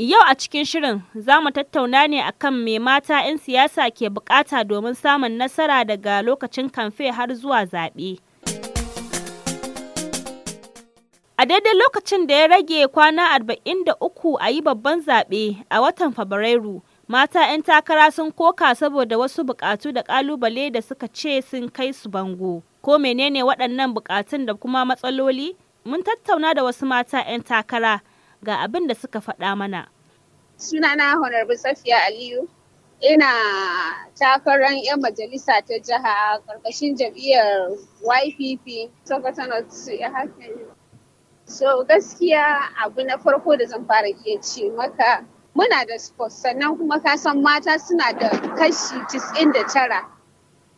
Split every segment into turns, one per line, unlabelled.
Yau a cikin shirin za mu tattauna ne a kan me mata 'yan siyasa ke bukata domin samun nasara daga lokacin kamfe har zuwa zaɓe. A daidai lokacin da ya rage kwana 43 a yi babban zaɓe a watan Fabrairu, mata 'yan takara sun koka saboda wasu bukatu da ƙalubale da suka ce sun kai su bango. Ko menene waɗannan bukatun da kuma matsaloli? Mun tattauna da wasu mata 'yan takara. ga abin da suka faɗa mana.
Sunana Honorable Safiya Aliyu, ina takarar 'yan majalisa ta jiha ƙarƙashin jam'iyyar YPP, Sokoto North So gaskiya abu na farko da zan fara iya ce maka muna da sports sannan kuma kasan mata suna da kashi 99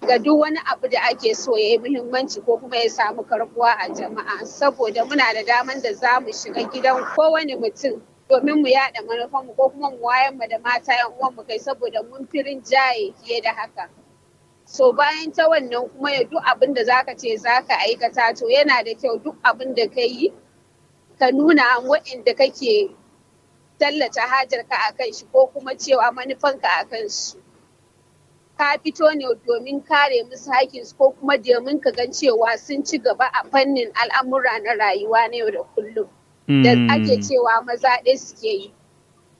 ga duk wani abu da ake so ya yi muhimmanci ko kuma ya samu karbuwa a jama'a saboda muna da damar da za mu shiga gidan kowane mutum domin mu yada manufanmu ko kuma mu wayan mu da mata yan uwan mu kai saboda mun firin jaye fiye da haka so bayan ta wannan kuma ya duk abin da zaka ce zaka aikata to yana da kyau duk abin da ka yi ka nuna wa'inda kake tallata hajarka a kan shi ko kuma cewa manufanka a kan su ka fito ne domin kare musu haƙƙinsu ko kuma domin ka gan cewa sun ci gaba a fannin al'amura na rayuwa na yau da kullum da hmm. ake cewa maza ɗaya suke yi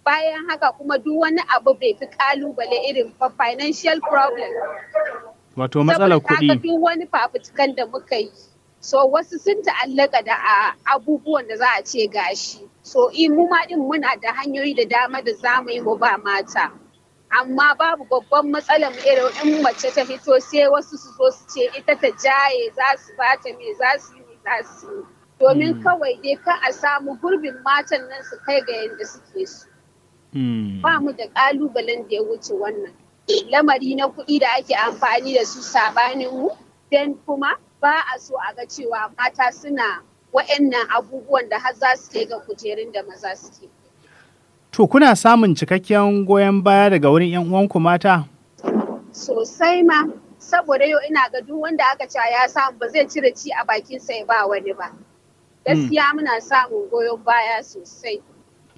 bayan haka kuma duk wani abu bai fi kalubale irin ba financial problem
wato matsalar kuɗi
duk wani fafutukan da muka yi so wasu sun ta'allaka da abubuwan da za a ce gashi so eh, mu ma din muna da hanyoyi da dama da zamu yi mu ba mata amma babu babban matsalar irin in mace ta fito sai wasu su zo su ce ita ta jaye za su bata me za su yi za su yi domin hmm. kawai dai ka a samu gurbin matan nan su kai ga yadda suke su hmm. ba mu da kalubalen da ya wuce wannan lamari na kuɗi da ake amfani da su sabanin mu dan kuma ba a so a ga cewa mata suna wa'annan abubuwan da har za su kai ga kujerun da maza suke.
To kuna samun cikakken goyon baya daga wurin 'yan uwanku mata?
Sosai ma, saboda yau ina ga duk wanda aka ce ya samu ba zai cire ci a bakin sai ba wani ba. Hmm. Gaskiya muna samun goyon baya sosai.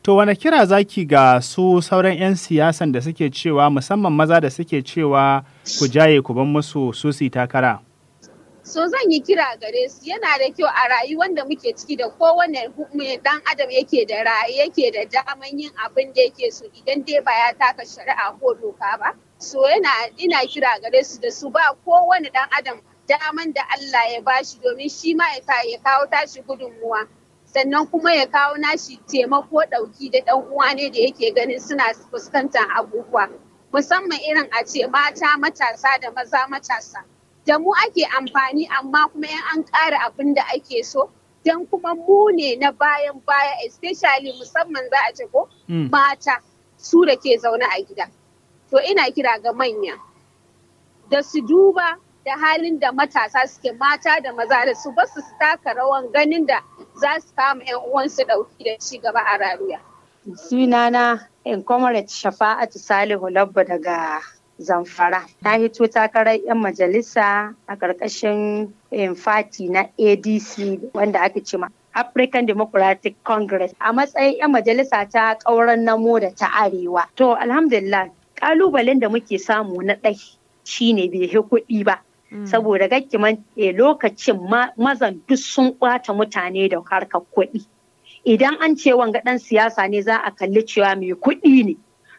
To wane kira zaki ga su sauran 'yan siyasan da suke cewa musamman maza da suke cewa ku jaye ku ban musu susi takara?
So zan yi kira gare su yana da kyau a rayuwar da muke ciki da kowane dan adam yake da ra'ayi yake da daman yin abin da yake so idan dai ba ya taka shari'a ko doka ba. So yana ina kira gare su da su ba kowane dan adam daman da Allah ya bashi domin shi ma ya kawo tashi gudunmuwa. sannan kuma ya kawo nashi taimako ɗauki da ɗan uwa ne da yake ganin suna fuskantar abubuwa musamman irin a ce mata matasa da maza matasa da mu ake amfani amma kuma in an ƙara abin da ake so don kuma mu ne na bayan baya especially musamman za a ce ko mm. mata su da ke zaune a gida to ina kira ga manya da su duba da halin da matasa suke mata da maza da su basu su taka rawan ganin da za su kama 'yan uwansu dauki da ci gaba a rayuwa
sunana in comrade shafa'atu salihu labba daga zamfara ta hito takarar 'yan majalisa a ƙarƙashin eh, fati na adc wanda ake ce ma African Democratic Congress a matsayin 'yan majalisa ta ƙauran namo da ta arewa. To alhamdulillah ƙalubalen da muke samu na ɗai shine bai kuɗi ba. Mm. Saboda gakkiman eh, lokacin mazan duk sun ɓata mutane da harkar kuɗi. Idan an ce wanga ɗan siyasa ne za a kalli cewa mai kuɗi ne.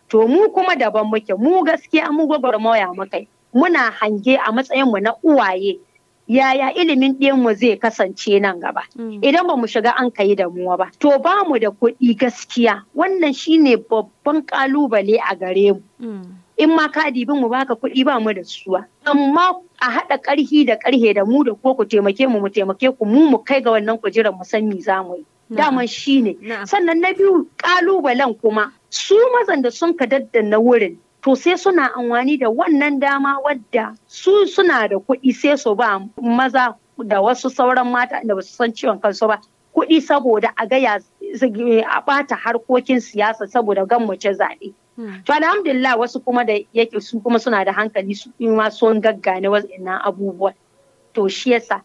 to mu kuma daban muke mu gaskiya mu gwagwarmaya mukai muna hange a matsayin mu na uwaye yaya ilimin mu zai kasance nan gaba mm. idan ba mu shiga an da damuwa ba to ba mu da kuɗi gaskiya wannan shine babban kalubale a gare mu mm. in ma ka dibi mu baka kuɗi ba mu da suwa amma a haɗa ƙarhi da ƙarhe da mu da ko ku taimake mu mu taimake ku mu mu kai ga wannan kujerar mu san me za yi daman shine sannan na biyu kalubalen kuma su mazan da sun ka daddana wurin to sai suna amfani da wannan dama wadda su suna da kuɗi sai su ba maza da wasu sauran mata da basu san ciwon kansu ba kuɗi saboda a gaya a ɓata harkokin siyasa saboda gan mace zaɓe. Hmm. To alhamdulillah wasu kuma da yake su kuma suna da hankali su ma sun gaggane wasu abubuwa To shi yasa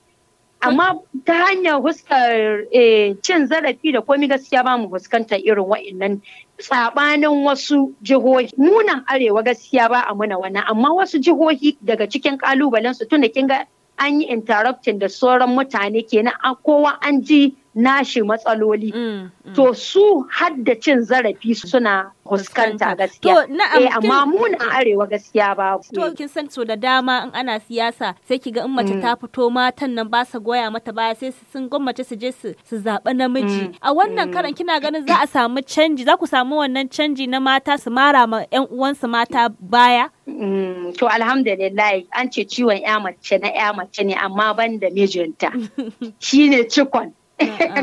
amma ta hanyar huskar eh, cin zarafi da komi gaskiya ba mu fuskantar irin wa'annan tsabanin wasu jihohi munan arewa gaskiya ba a muna wani amma wasu jihohi daga cikin kalubalen su tunda kin ga an yi interrupting da sauran mutane kenan kowa an ji nashi matsaloli. Mm, mm. To su hadda cin zarafi suna huskanta gaskiya. Eh amma mu na
arewa gaskiya ba. To kin san so da dama in ana siyasa sai ki ga in mace mm. ta fito matan nan ba su goya mata baya sai sun gwammace su je su su zaɓi namiji. Mm. A wannan mm. karan kina ganin za a samu canji za ku samu wannan canji na mata su mara ma 'yan uwansu mata baya. Mm, to alhamdulillah
an ce ciwon ƴa mace na ƴa mace ne amma ban da mijinta shine cikon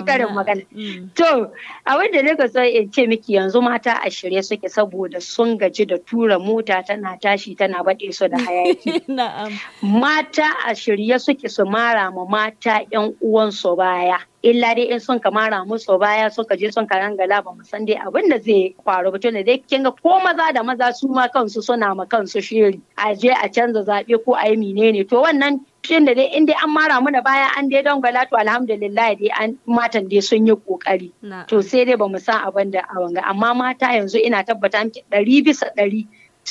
karin magana. Mm. To, abin da nika so in ce miki yanzu mata a shirye suke saboda sun gaji da tura mota tana tashi tana baɗe su da hayaki. Mata a shirye suke su mara ma mata 'yan uwansu baya. illa dai in sun kamara musu baya suka je sun gala ba san dai abin da zai faru ba tunda dai kinga ko maza da maza su ma kansu suna ma kansu shiri a je a canza zaɓe ko a yi menene to wannan Shin da dai in dai an mara mana baya an dai dangwala to alhamdulillah dai an matan dai sun yi kokari to sai dai bamu san abin da a wanga amma mata yanzu ina tabbata miki ɗari bisa ɗari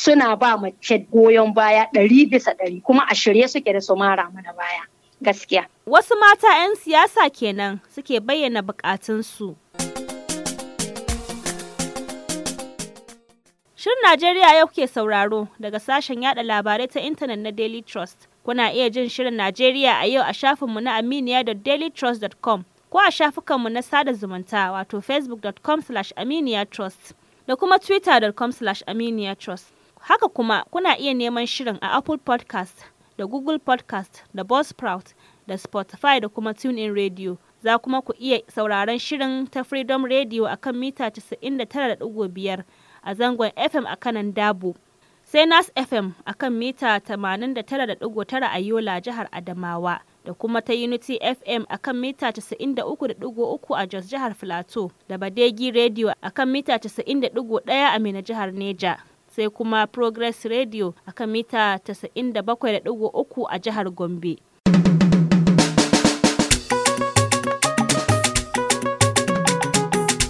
suna ba mace goyon baya ɗari bisa ɗari kuma a shirye suke da su mara mana baya gaskiya wasu
mata 'yan siyasa kenan suke bayyana bukatunsu. su Shirin Najeriya yau kuke sauraro daga sashen yada labarai ta intanet na Daily Trust. Kuna iya jin Shirin Najeriya a yau a shafinmu na aminiya.dailytrust.com ko a shafukanmu na sada zumunta wato facebookcom aminiyatrust da kuma twittercom aminiyatrust Haka kuma kuna iya neman shirin a Apple Podcast da Google Podcast da Buzzsprout da Spotify da kuma TuneIn Radio. Za kuma ku iya sauraron shirin ta Freedom Radio a kan mita 99.5 a zangon FM a kanan Dabo, sai Nas FM a kan mita 89.9 a Yola jihar Adamawa da kuma ta Unity FM a kan mita 93.3 a Jos jihar Filato da Badegi Radio a kan mita 90.1 a Mina jihar Neja. Sai kuma Progress Radio a kan mita 97.3 a jihar Gombe.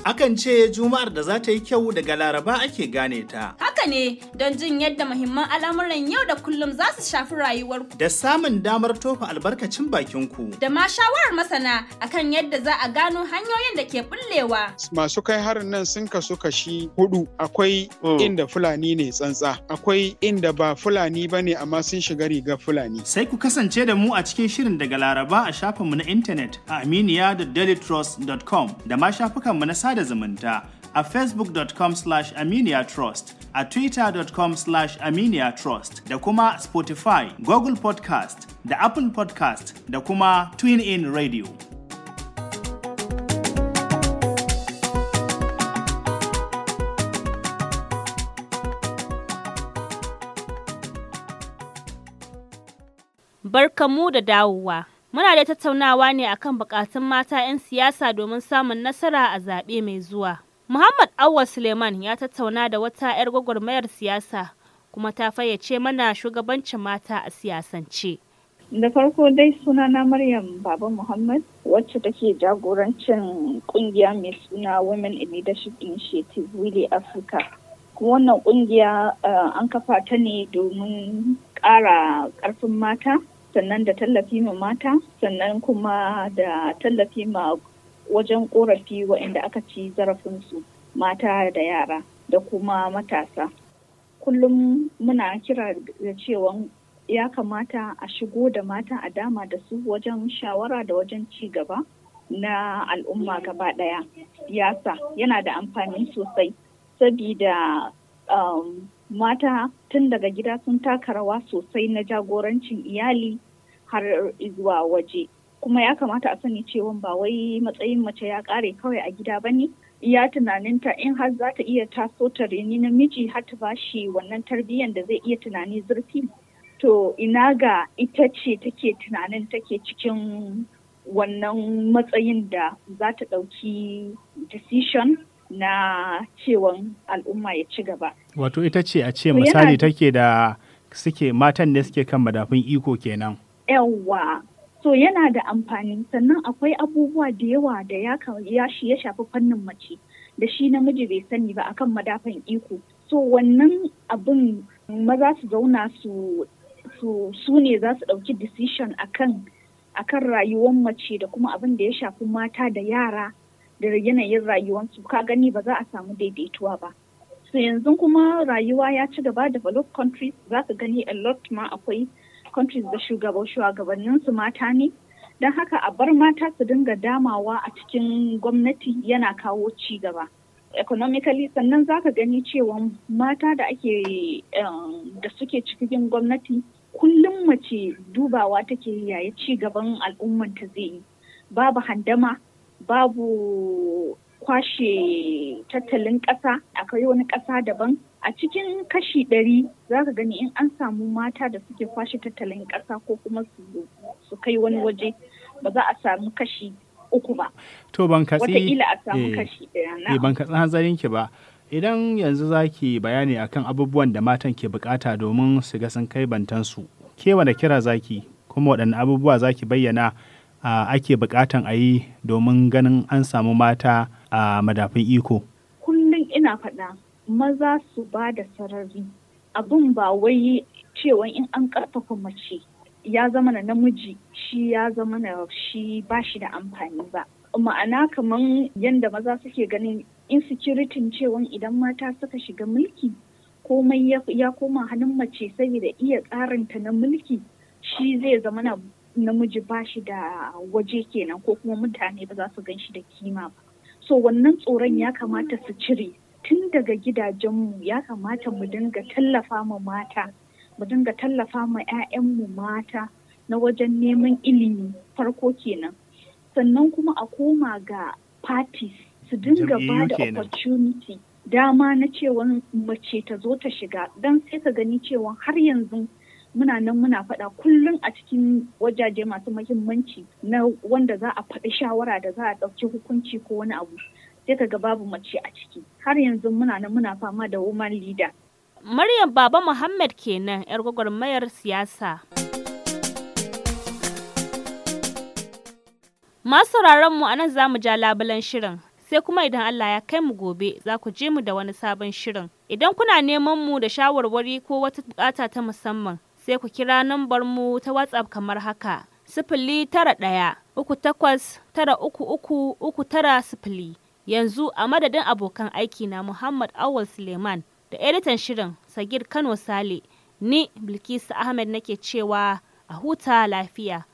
Akan ce Juma'ar da za ta yi kyau daga Laraba ake gane ta.
Haka ne don jin yadda muhimman al'amuran yau da kullum za su shafi rayuwarku.
Da samun damar tofa albarkacin bakin ku.
Da ma shawarar masana akan yadda za a gano hanyoyin da ke bullewa.
Masu kai harin nan sun kasu kashi hudu akwai mm. inda Fulani ne tsantsa akwai inda ba Fulani ba ne amma sun shiga rigar Fulani. Sai ku kasance da mu a cikin shirin daga Laraba a shafinmu na intanet a aminiya.dailytrust.com da ma shafukanmu na sada sada zumunta a facebook.com slash trust a twitter.com slash trust da kuma spotify google podcast da apple podcast da kuma twin in radio
Barkamu da dawowa. Muna da tattaunawa ne akan bukatun mata 'yan siyasa domin samun nasara a zaɓe mai zuwa. Muhammad Awwa Suleiman ya tattauna da wata 'yar gwagwarmayar siyasa kuma ta fayyace mana shugabancin mata a siyasance.
Da farko dai suna na Maryam Baba Muhammad wacce take jagorancin kungiya mai suna Women in Leadership Initiative Willy Africa. Kuma wannan kungiya eh, an kafa ta ne domin ƙara ƙarfin mata sannan da tallafi ma mata sannan kuma da tallafi ma wajen korafi waɗanda aka ci zarafinsu mata da yara da kuma matasa kullum muna kira da cewa ya kamata a shigo da mata a dama da su wajen shawara da wajen ci gaba na al'umma gaba ɗaya siyasa yana da amfani sosai sabida um, mata tun daga gida sun taka rawa sosai na jagorancin iyali har zuwa waje kuma ya kamata a sani cewa ba wai matsayin mace ya kare kawai a gida bane ne iya tunaninta in har za ta iya taso ta reni namiji har ta ba shi wannan tarbiyyar da zai iya tunani zurfi to ina ga ita ce take tunanin take cikin wannan matsayin da za ta ɗauki decision na cewan al'umma ya ci gaba.
Wato ita ce a ce misali take da suke matan ne suke kan madafin iko kenan.
Yawwa. So yana da amfani sannan akwai abubuwa da yawa da ya shafi fannin mace da shi namiji bai sani ba akan madafan iko. So wannan abin maza su zauna su su ne za su ɗauki decision akan akan rayuwar mace da kuma abin da ya shafi mata da yara da yanayin rayuwansu ka gani ba za a samu daidaituwa ba so yanzu kuma rayuwa ya ci gaba developed countries za ka gani a lot ma akwai countries da shugaba shugabannin su mata ne don haka a bar mata su dinga damawa a cikin gwamnati yana kawo ci gaba economically sannan za ka gani cewa mata da ake um, da suke cikin gwamnati kullum mace dubawa take yaya ci gaban al'ummanta zai yi babu handama babu kwashe tattalin ƙasa a wani ƙasa daban a cikin kashi ɗari za ka gani in an samu mata da suke kwashe tattalin ƙasa ko kuma su kai wani waje ba za a samu kashi uku ba. To ban katsi wataƙila a samu eh. kashi
ɗaya eh, Ban katsi hanzarin ki ba. Idan yanzu za ki bayani akan abubuwan da matan ke bukata domin su ga sun kai bantansu, ke wanda kira zaki kuma waɗanne abubuwa zaki bayyana ake bukatan a yi domin ganin an samu mata a madafin iko?
Kullum ina faɗa maza su ba da sarari abin ba wai cewa in an ƙarfafa mace ya zama na namiji shi ya zama na shi ba shi da amfani ba. Ma'ana kamar yadda maza suke ganin insecuritin cewa idan mata suka shiga mulki komai ya koma hannun mace saboda iya tsarinta na mulki shi zai zama na namiji ba shi da waje kenan ko kuma mutane ba za su gan shi da kima ba so wannan tsoron ya kamata su cire tun daga gidajenmu ya kamata mu dinga tallafa ma mata mu dinga tallafa ma 'ya'yanmu mata na wajen neman ilimi farko kenan sannan kuma a koma ga parties su dinga ba da opportunity dama na cewa mace ta zo ta shiga don sai ka gani cewa har yanzu muna nan muna faɗa kullum a cikin wajaje masu mahimmanci na wanda za a faɗi shawara da za a ɗauki hukunci ko wani abu sai kaga babu mace a ciki har yanzu muna nan muna fama
da woman leader Maryam Baba Muhammad kenan 'yar gwagwarmayar siyasa. Masu mu a nan za mu ja labulan shirin, sai kuma idan Allah ya kai mu gobe za ku je mu da wani sabon shirin. Idan kuna neman mu da shawarwari ko wata bukata ta musamman, sai ku kira nambar mu ta WhatsApp kamar haka. Sifili tara ɗaya, uku takwas, tara uku uku, uku tara sifili. Yanzu a madadin abokan aiki na Muhammad awul Suleiman da editan shirin Sagir Kano Sale, ni Bilkisu Ahmed nake cewa a huta lafiya.